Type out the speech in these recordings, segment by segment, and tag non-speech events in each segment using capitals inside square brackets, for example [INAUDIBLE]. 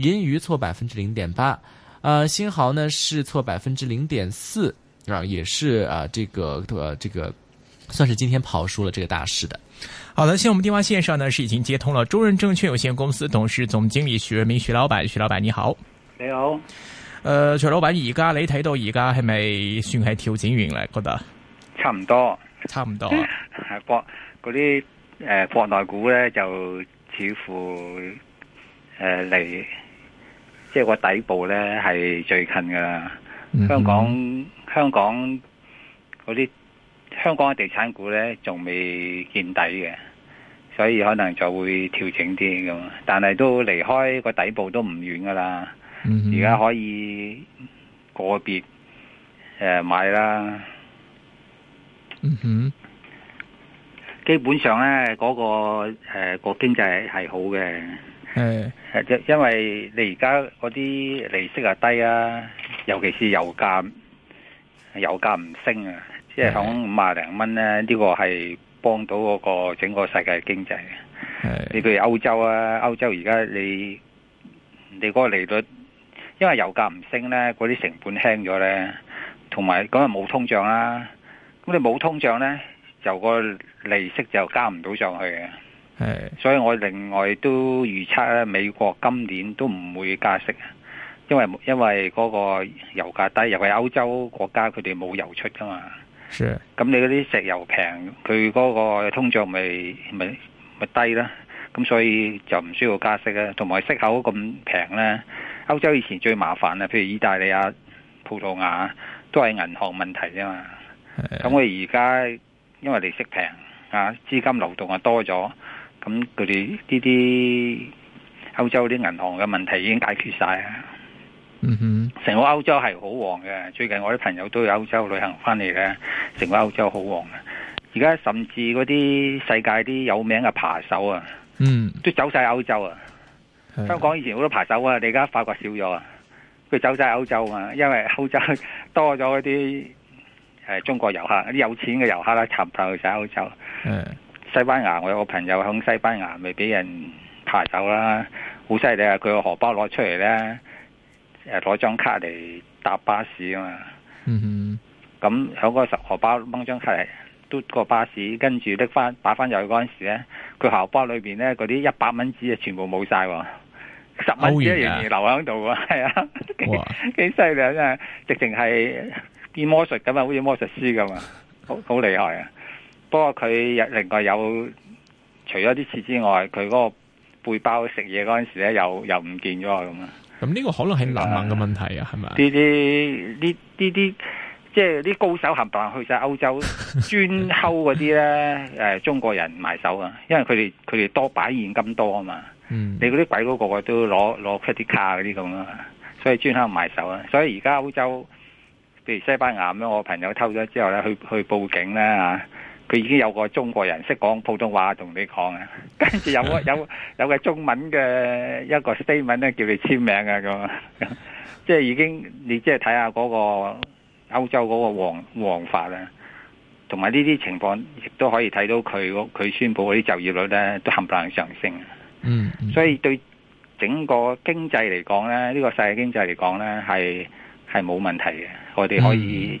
銀娛錯百分之零點八，呃，新豪呢是錯百分之零點四啊，也是啊，這個呃、啊，這個算是今天跑輸了這個大市的。好的，現在我們電話線上呢是已經接通了中潤證券有限公司董事總經理徐潤民徐老闆，徐老闆你好，你好呃許你是是是、啊嗯，呃，徐老闆，而家你睇到而家係咪算係調整完咧？覺得？差唔多，差唔多啊，係國嗰啲誒國內股呢就似乎誒嚟。呃即係個底部咧，係最近噶啦。香港、嗯、香港嗰啲香港嘅地產股咧，仲未見底嘅，所以可能就會調整啲咁。但係都離開個底部都唔遠噶啦。而、嗯、家可以個別誒、呃、買啦。嗯哼，基本上咧，嗰、嗰個誒、呃嗰個經濟係好嘅。係，係因因為你而家嗰啲利息啊低啊，尤其是油價，油價唔升啊，即係響五啊零蚊咧，就是、呢、呢個係幫到嗰個整個世界的經濟。你譬如歐洲啊，歐洲而家你你嗰個利率，因為油價唔升咧，嗰啲成本輕咗咧，同埋咁啊冇通脹啦。咁你冇通脹咧，就嗰個利息就加唔到上去嘅。所以我另外都預測咧，美國今年都唔會加息，因為因為嗰個油價低，尤其歐洲國家佢哋冇油出噶嘛。係啊。咁你嗰啲石油平，佢嗰個通脹咪咪咪低啦。咁所以就唔需要加息。同埋息口咁平咧，歐洲以前最麻煩咧，譬如意大利啊、葡萄牙都係銀行問題啫嘛。係啊。咁我而家因為利息平啊，資金流動啊多咗。咁佢哋呢啲歐洲啲銀行嘅問題已經解決晒。啊！嗯哼，成個歐洲係好旺嘅。最近我啲朋友都去歐洲旅行翻嚟咧，成個歐洲好旺。而家甚至嗰啲世界啲有名嘅扒手啊，嗯，都走晒歐洲啊！香港以前好多扒手啊，你而家發覺少咗啊，佢走晒歐洲啊，因為歐洲多咗一啲誒中國遊客，啲有錢嘅遊客咧，湧曬去曬歐洲。嗯。西班牙，我有個朋友響西班牙咪俾人扒走啦，好犀利啊！佢個荷包攞出嚟咧，誒攞張卡嚟搭巴士啊嘛。嗯哼，咁響個荷包掹張卡嚟嘟個巴士，跟住拎翻擺翻入去嗰陣時咧，佢荷包裏邊咧嗰啲一百蚊紙啊，全部冇晒喎，十蚊紙一樣嘢留喺度喎，係啊，幾犀利啊！真係直情係變魔術咁啊，好似魔術師咁啊，好好厲害啊！不過佢有另外有除咗啲錢之外，佢嗰個背包食嘢嗰陣時咧，又又唔見咗咁啊！咁呢個可能係難民嘅問題啊，係咪？呢啲呢呢啲即係啲高手呢，冚唪唥去晒歐洲專偷嗰啲咧。誒，中國人埋手啊，因為佢哋佢哋多擺現金多啊嘛。嗯你，你嗰啲鬼佬個個都攞攞 credit 卡嗰啲咁啊，所以專偷埋手啊。所以而家歐洲，譬如西班牙咧，我朋友偷咗之後咧，去去報警咧啊！佢已經有個中國人識講普通話同你講啊，跟住有，有，有個有有個中文嘅一個 statement 咧，叫你簽名啊咁，即係已經你即係睇下嗰個歐洲嗰個黃法啊，同埋呢啲情況亦都可以睇到佢佢宣布嗰啲就業率咧都冚唪唥上升嗯。嗯，所以對整個經濟嚟講咧，這個、世界呢個細經濟嚟講咧係係冇問題嘅，我哋可以、嗯、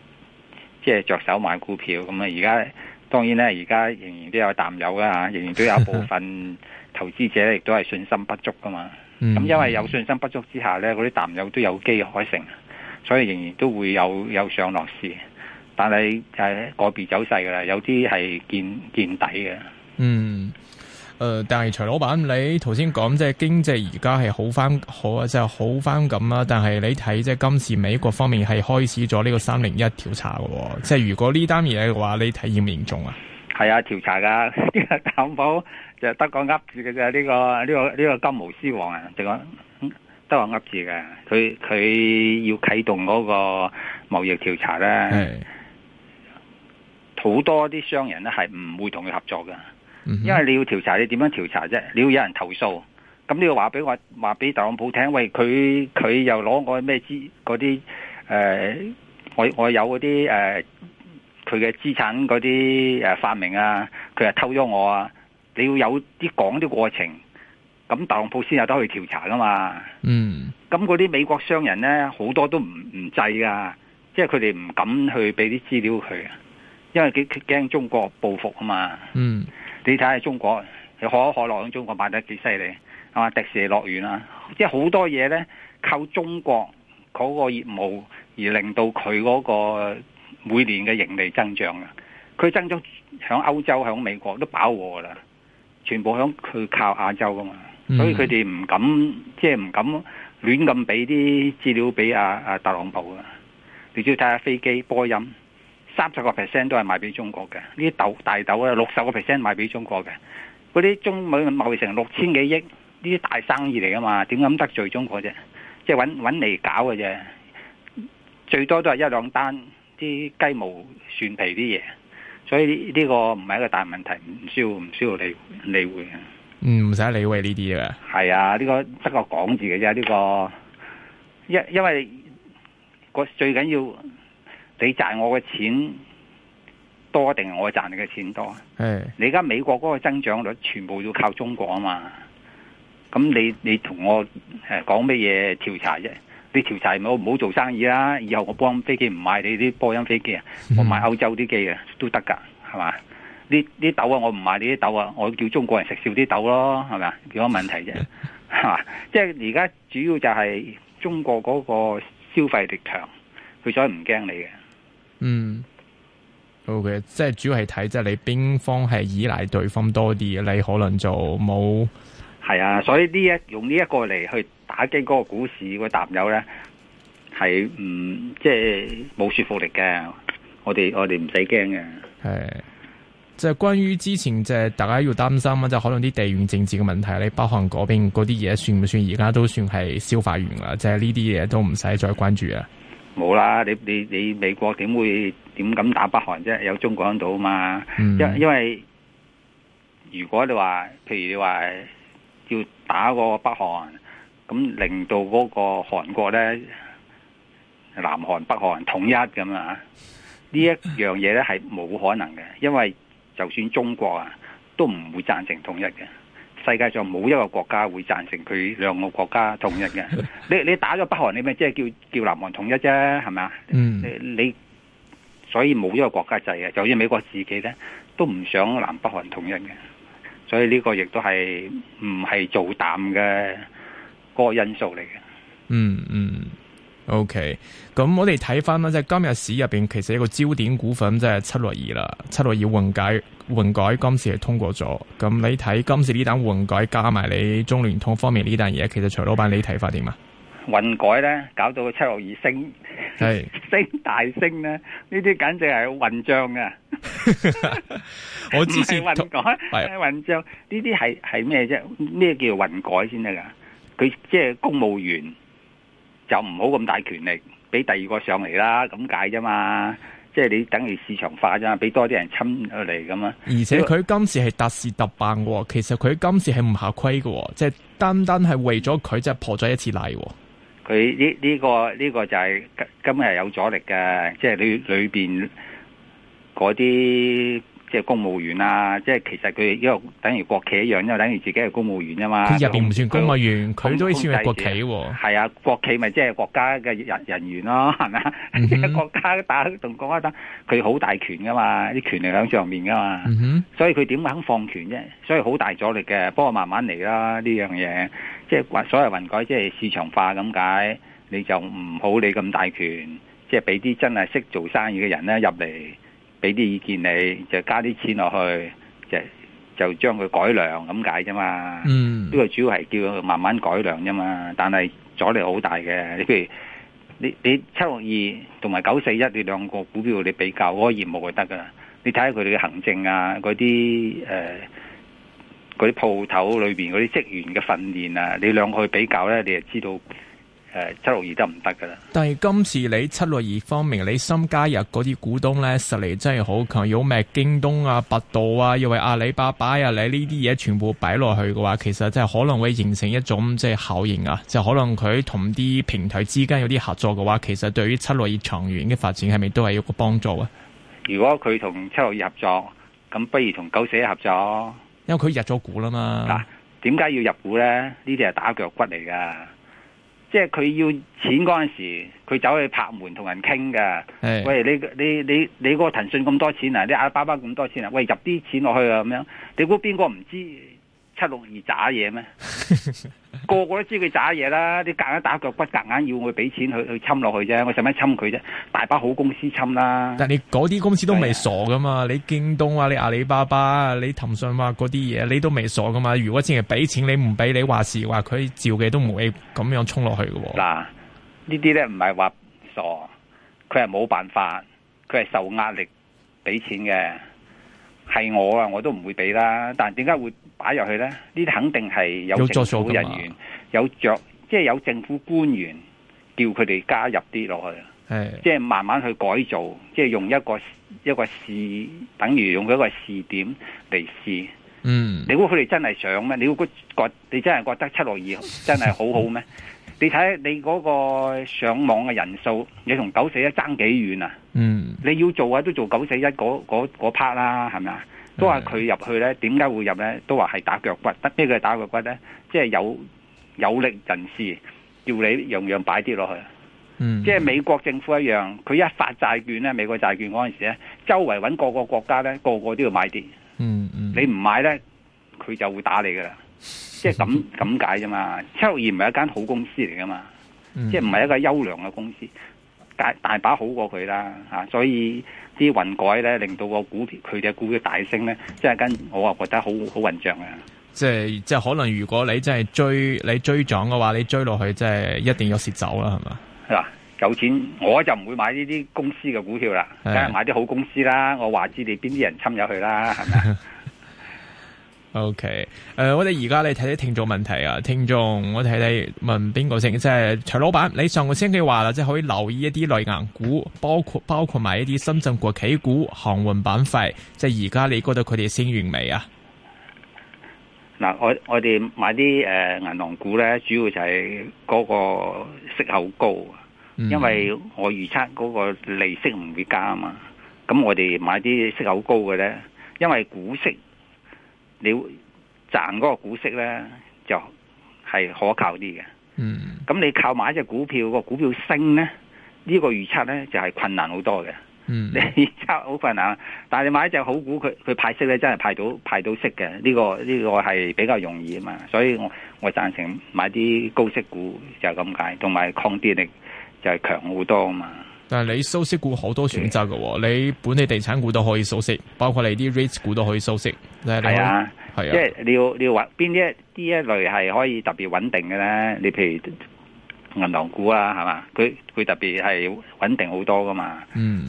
即係着手買股票咁啊，而家。當然咧，而家仍然都有淡友啦，仍然都有部分投資者亦都係信心不足噶嘛。咁 [LAUGHS] 因為有信心不足之下呢，嗰啲淡友都有機可乘，所以仍然都會有有上落市，但係就係個別走勢噶啦，有啲係見見底嘅。嗯 [LAUGHS] 。誒、呃，但係徐老闆，你頭先講即係經濟而家係好翻，好啊，即係好翻咁啊。但係你睇即係今次美國方面係開始咗呢個三零一調查嘅，即係如果呢單嘢嘅話，你睇嚴唔嚴重是啊？係啊，調查噶，擔保就得個噏字嘅啫。呢、這個呢個呢個金毛獅王啊，淨講得個噏字嘅。佢佢要啟動嗰個貿易調查咧，好多啲商人咧係唔會同佢合作嘅。因為你要調查，你點樣調查啫？你要有人投訴，咁你要話俾我話俾特朗普聽，喂，佢佢又攞我咩資嗰啲誒？我我有嗰啲誒佢嘅資產嗰啲誒發明啊，佢又偷咗我啊！你要有啲講啲過程，咁特朗普先有得去調查噶嘛。嗯，咁嗰啲美國商人咧，好多都唔唔制噶，即係佢哋唔敢去俾啲資料佢，因為佢驚中國報復啊嘛。嗯。你睇下中國，佢可可樂喺中國賣得幾犀利，係嘛？迪士尼樂園啊，即係好多嘢咧靠中國嗰個業務而令到佢嗰個每年嘅盈利增長啊！佢增長喺歐洲、喺美國都飽和啦，全部響佢靠亞洲㗎嘛，mm -hmm. 所以佢哋唔敢即係唔敢亂咁俾啲資料俾阿阿特朗普啊！你只要睇下飛機波音。三十個 percent 都係賣俾中國嘅，呢啲豆大豆啊，六十個 percent 賣俾中國嘅，嗰啲中美貿易成六千幾億，呢啲大生意嚟噶嘛？點敢得罪中國啫？即係搵搵嚟搞嘅啫，最多都係一兩單啲雞毛蒜皮啲嘢，所以呢呢個唔係一個大問題，唔需要唔需要理理會啊？嗯，唔使理會呢啲啊？係啊，呢個得個講字嘅啫，呢個因因為個最緊要。你賺我嘅錢多定係我賺你嘅錢多啊？你而家美國嗰個增長率全部要靠中國啊嘛？咁你你同我誒講咩嘢調查啫？你調查我唔好做生意啦！以後我幫飛機唔買你啲波音飛機啊，我買歐洲啲機嘅都得㗎，係嘛？呢啲豆啊，我唔買你啲豆啊，我叫中國人食少啲豆咯，係咪啊？幾多問題啫？嚇！即係而家主要就係中國嗰個消費力強，佢所以唔驚你嘅。嗯，好、okay，嘅，即係主要係睇，即係你邊方係依賴對方多啲，你可能就冇係啊。所以呢一用呢一個嚟去打擊嗰個股市個淡友咧，係唔即係冇說服力嘅。我哋我哋唔使驚嘅。係，即係關於之前即係大家要擔心啊，即係可能啲地緣政治嘅問題，你北韓嗰邊嗰啲嘢，算唔算？而家都算係消化完啦。即係呢啲嘢都唔使再關注啊。冇啦，你你你美國點會點敢打北韓啫？有中國喺度嘛？因、嗯、因為如果你話，譬如你話要打個北韓，咁令到嗰個韓國咧，南韓北韓統一咁啊？呢一樣嘢咧係冇可能嘅，因為就算中國啊，都唔會贊成統一嘅。世界上冇一個國家會贊成佢兩個國家統一嘅。你你打咗北韓，你咪即係叫叫南韓統一啫，係咪啊？你你所以冇一個國家制嘅。就算美國自己咧都唔想南北韓統一嘅，所以呢個亦都係唔係做淡嘅個因素嚟嘅。嗯嗯。OK，咁我哋睇翻啦，即係今日市入邊，其實一個焦點股份即係、就是、七六二啦，七六二混改混改今次係通過咗，咁你睇今次呢單混改加埋你中聯通方面呢單嘢，其實徐老闆你睇法點啊？混改咧搞到七六二升，係升大升咧，呢啲簡直係混帳㗎。我唔係混改係混帳， [LAUGHS] 帳帳呢啲係係咩啫？咩叫混改先得噶？佢即係公務員。就唔好咁大權力，俾第二個上嚟啦，咁解啫嘛。即係你等於市場化啫嘛，俾多啲人侵落嚟咁啊。而且佢今次係特事特辦喎，其實佢今次係唔合規嘅，即係單單係為咗佢即係破咗一次例。佢呢呢個呢個就係今日有阻力嘅，即係裏裏邊嗰啲。即係公務員啊！即係其實佢因為等於國企一樣，因為等於自己係公務員啫嘛。佢入邊唔算公務員，佢都算係國企喎、啊。係、嗯、啊，國企咪即係國家嘅人人員咯，係咪啊？是嗯、即係國家打同國家打，佢好大權噶嘛，啲權力響上面噶嘛、嗯哼。所以佢點肯放權啫？所以好大阻力嘅，不過慢慢嚟啦。呢樣嘢即係所謂混改，即係市場化咁解，你就唔好你咁大權，即係俾啲真係識做生意嘅人咧入嚟。俾啲意見你，就加啲錢落去，就就將佢改良咁解啫嘛。嗯，呢個主要係叫佢慢慢改良啫嘛。但係阻力好大嘅。你譬如你你七六二同埋九四一，你兩個股票你比較嗰個業務就得㗎喇。你睇下佢哋嘅行政啊，嗰啲誒嗰啲鋪頭裏邊嗰啲職員嘅訓練啊，你兩個去比較咧，你就知道。誒，七六二都唔得噶啦。但係今次你七六二方面，你新加入嗰啲股東咧，實力真係好強。有咩京東啊、百度啊，又係阿里巴巴啊，你呢啲嘢全部擺落去嘅話，其實真係可能會形成一種即係效應啊！就係，可能佢同啲平台之間有啲合作嘅話，其實對於七六二長遠嘅發展係咪都係有一個幫助啊？如果佢同七六二合作，咁不如同九四合作？因為佢入咗股啦嘛。嗱，啊，點解要入股咧？呢啲係打腳骨嚟噶。即係佢要錢嗰陣時，佢走去拍門同人傾嘅。喂，你你你你個騰訊咁多錢啊？你阿里巴巴咁多錢啊？喂，入啲錢落去啊，咁樣。你估邊個唔知？七六二渣嘢咩？ [LAUGHS] 個個都知佢渣嘢啦！你夾硬打腳骨，夾硬要我俾錢去侵去侵落去啫，我使乜侵佢啫？大把好公司侵啦。但係你嗰啲公司都未傻噶嘛，啊？你京東啊，你阿里巴巴啊，你騰訊啊嗰啲嘢，你都未傻噶嘛？如果真係俾錢你，你唔俾你話事話，佢照嘅都唔會咁樣衝落去嘅喎。嗱，呢啲咧唔係話傻，佢係冇辦法，佢係受壓力俾錢嘅。係我啊，我都唔會俾啦。但點解會擺入去咧？呢啲肯定係有政府人員有着，即係有政府官員叫佢哋加入啲落去。係即係慢慢去改造，即係用一個一個試，等於用一個試點嚟試。嗯，你你估佢哋真係想咩？你估覺你真係覺得七六二真係好好咩？ [LAUGHS] 你睇你嗰個上網嘅人數，你同九四一爭幾遠啊？嗯，你要做啊，都做九四一嗰嗰嗰 part 啦，係咪啊？都話佢入去咧，點解會入咧？都話係打腳骨，得咩係打腳骨咧？即係有有力人士叫你樣樣擺啲落去，嗯，即係美國政府一樣，佢一發債券咧，美國債券嗰陣時咧，周圍搵各個國家咧，個個都要買啲，嗯嗯，你唔買咧，佢就會打你噶啦。即係咁咁解啫嘛，七六二唔係一間好公司嚟噶嘛，嗯、即係唔係一個優良嘅公司，大大把好過佢啦吓、啊，所以啲混改咧令到個股票佢哋嘅股票大升咧，即係跟我啊覺得好好混賬啊！即係，即係可能如果你真係追你追漲嘅話，你追落去即係一定要有蝕走啦、啊，係嘛？係、啊、有錢我就唔會買呢啲公司嘅股票啦，梗係、啊、買啲好公司啦，我話知你邊啲人侵入去啦，係咪 [LAUGHS] O K，誒，我哋而家你睇睇聽眾問題啊，聽眾，我睇睇問邊個先，即係徐老闆，你上個星期話啦，即係可以留意一啲內銀股，包括包括埋一啲深圳國企股、航運板塊，即係而家你覺得佢哋先完未啊？嗱、呃，我我哋買啲誒銀行股咧，主要就係嗰個息口高，啊、嗯，因為我預測嗰個利息唔會加啊嘛，咁我哋買啲息口高嘅咧，因為股息。你賺嗰個股息咧，就係可靠啲嘅。嗯，咁你靠買一隻股票，個股票升咧，呢個預測咧就係困難好多嘅。嗯，預測好困難。但係你買一隻好股，佢佢派息咧，真係派到派到息嘅。呢個呢個係比較容易啊嘛。所以我我贊成買啲高息股就咁解，同埋抗跌力就係強好多啊嘛。但係你收息股好多選擇嘅，你本地地產股都可以收息，包括你啲 REIT 股都可以收息。係啊，係啊，即係你要你要搵邊一啲一類係可以特別穩定嘅咧？你譬如銀行股啊，係嘛，佢佢特別係穩定好多噶嘛。嗯，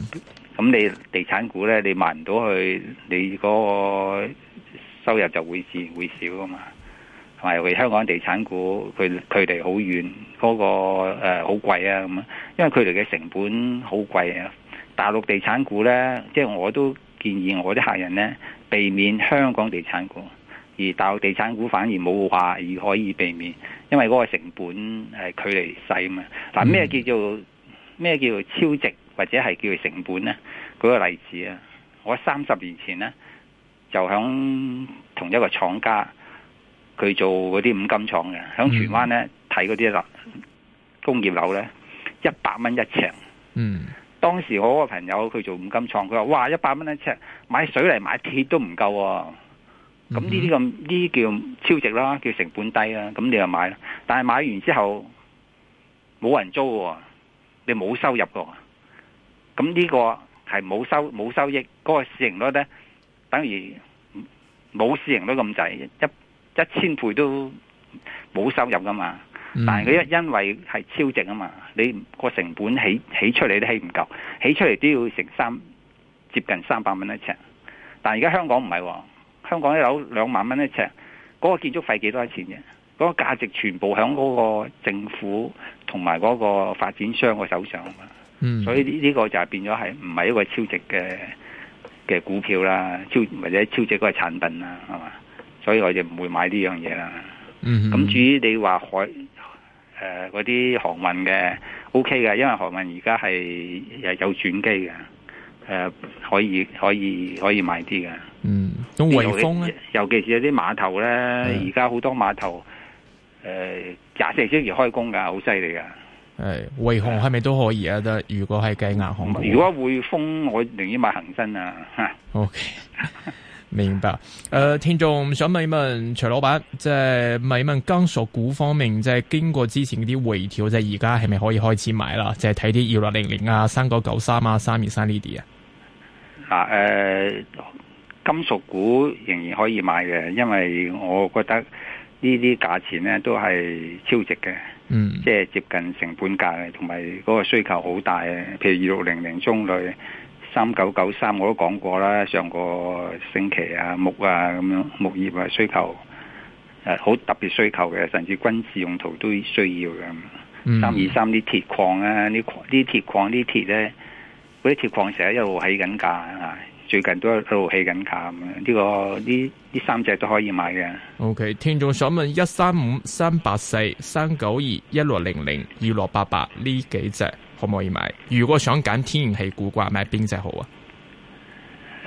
咁你地產股咧，你賣唔到去，你嗰個收入就會少會少噶嘛。埋佢香港地產股，佢佢哋好遠，嗰個，呃，好貴啊咁。因為佢哋嘅成本好貴啊。大陸地產股咧，即係我都建議我啲客人咧，避免香港地產股，而大陸地產股反而冇話而可以避免，因為嗰個成本係距離細啊嘛。嗱，咩叫做咩叫做超值或者係叫做成本咧？嗰個例子啊，我三十年前咧就響同一個廠家。佢做嗰啲五金廠嘅，喺荃灣咧睇嗰啲樓工業樓咧，元一百蚊一尺。嗯，當時我個朋友佢做五金廠，佢話：哇，一百蚊一尺，買水泥買鐵都唔夠、啊。咁呢啲咁呢叫超值啦，叫成本低啦、啊。咁你就買啦，但係買完之後冇人租嘅、哦，你冇收入嘅。咁呢個係冇收冇收益，嗰、嗰個市盈率咧，等於冇市盈率咁滯一。一千倍都冇收入噶嘛，但係佢因因為係超值啊嘛，你個成本起起出嚟，都起唔夠，起出嚟，都要成三接近三百蚊一尺，但係而家香港唔係喎，香港啲樓兩萬蚊一尺，嗰個建築費幾多錢啫？嗰個價值全部響嗰個政府同埋嗰個發展商嘅手上啊嘛，嗯，所以呢個就係變咗係唔係一個超值嘅嘅股票啦，超或者超值嘅產品啦，係嘛？所以我哋唔會買呢樣嘢啦。咁、嗯、至於你話海誒嗰啲航運嘅 O K 嘅，因為航運而家係又有轉機嘅，誒、呃、可以可以可以買啲嘅。嗯，咁匯豐咧，尤其是有啲碼頭咧，而家好多碼頭誒廿四小時開工㗎，好犀利㗎。誒、嗯，匯豐係咪都可以啊？得，如果係計銀行，如果匯豐我寧願買恒生啊。OK。 [LAUGHS] 明白，誒、呃，聽眾想問一問徐老闆，即係問一問金屬股方面，即係經過之前啲回調，即係而家係咪可以開始買啦？即係睇啲二六零零啊、三九九三啊、三二三呢啲啊？嗱，誒，金屬股仍然可以買嘅，因為我覺得呢啲價錢咧都係超值嘅，嗯，即係接近成本價，同埋嗰個需求好大嘅，譬如二六零零中類。三九九三我都講過啦，上個星期啊木啊咁樣木業啊需求誒好特別需求嘅，甚至軍事用途都需要嘅。三二三啲鐵礦啊，啲礦啲鐵礦啲鐵咧，嗰啲鐵，鐵礦成日一路起緊價啊，最近都一路起緊價咁。呢、呢個呢呢三隻都可以買嘅。OK，聽眾想問一三五三八四三九二一六零零二六八八呢幾隻。可唔可以買？如果想揀天然氣股，掛買邊隻好啊？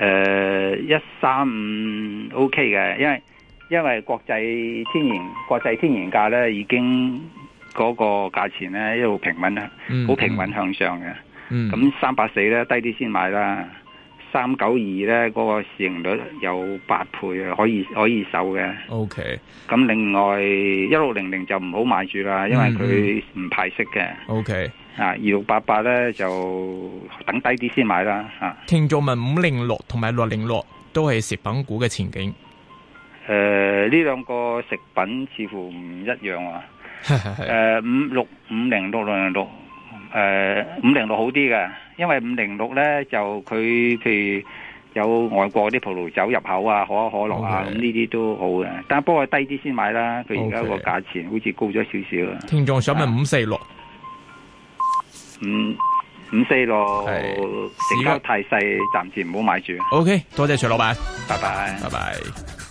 誒，一三五 OK 嘅，因為因為國際天然國際天然價咧已經嗰個價錢咧一路平穩啦，好、mm -hmm. 平穩向上嘅。咁三百四咧低啲先買啦，三九二咧嗰個市盈率有八倍，可以可以守嘅。OK。咁另外一六零零就唔好買住啦，因為佢唔派息嘅。Mm -hmm. OK。啊，二六八八咧就等低啲先買啦。吓、啊，聽眾問五零六同埋六零六都係食品股嘅前景。誒、呃，呢兩個食品似乎唔一樣啊。誒、 [LAUGHS] 呃，五六五零六六零六，誒，五零六好啲嘅，因為五零六咧就佢譬如有外國啲葡萄酒入口啊，可口可樂啊，咁呢啲都好嘅。但不過低啲先買啦，佢而家個價錢好似高咗少少。聽眾想問五四六。啊五五四六，成交太細，暫時唔好買住。OK，多謝徐老闆，拜拜，拜拜。拜拜。